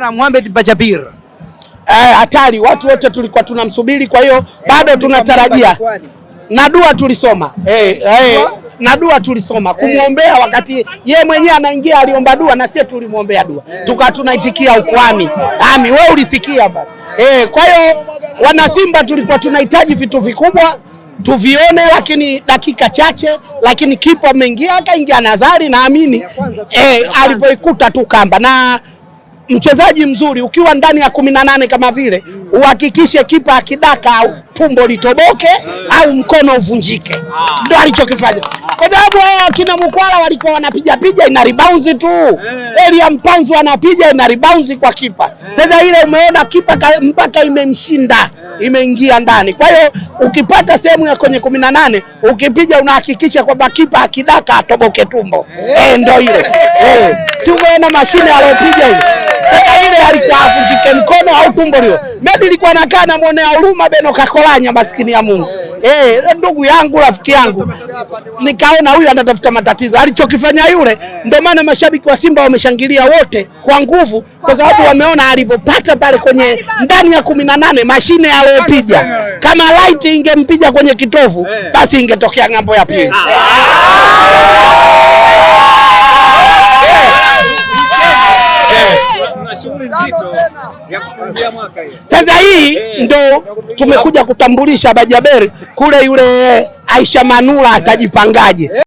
Na Mohamed Eh, hatari, watu wote tulikuwa tunamsubiri, kwa hiyo bado yaani tunatarajia na dua tulisoma eh, eh, na dua tulisoma eh. kumwombea wakati ye mwenyewe anaingia, aliomba dua na sisi tulimwombea dua eh. tukawa tunaitikia ukwani ami, wewe ulisikia baba eh. Kwa hiyo wana Simba tulikuwa tunahitaji vitu vikubwa tuvione, lakini dakika chache, lakini kipa ameingia akaingia nadhari naamini eh, alivyoikuta tu kamba na mchezaji mzuri ukiwa ndani ya kumi na nane kama vile uhakikishe kipa akidaka au tumbo litoboke au mkono uvunjike, ndo alichokifanya, kwa sababu hao akina Mkwala walikuwa wanapiga piga ina rebounds tu, eh. Elia Mpanzu anapiga ina rebounds kwa kipa. Eh. Sasa ile umeona kipa mpaka imemshinda imeingia ndani. Kwa hiyo ukipata sehemu ya kwenye kumi na nane ukipiga unahakikisha kwamba kipa akidaka atoboke tumbo, eh, eh ndo ile eh, si umeona mashine aliyopiga hiyo sasa ile alikavunjike mkono au tumbo lio, mimi nilikuwa nakaa namwonea huruma Beno Kakolanya, maskini ya Mungu. Eh, ndugu yangu, rafiki yangu, nikaona huyu anatafuta matatizo. Alichokifanya yule, ndio maana mashabiki wa Simba wameshangilia wote kwa nguvu, kwa sababu wameona alivyopata pale kwenye ndani ya kumi na nane mashine aliyopiga. Kama light ingempiga kwenye kitovu, basi ingetokea ng'ambo ya pili. Ah. Sasa hii eh, ndo tumekuja kutambulisha Bajaberi kule, yule Aisha Manula atajipangaje?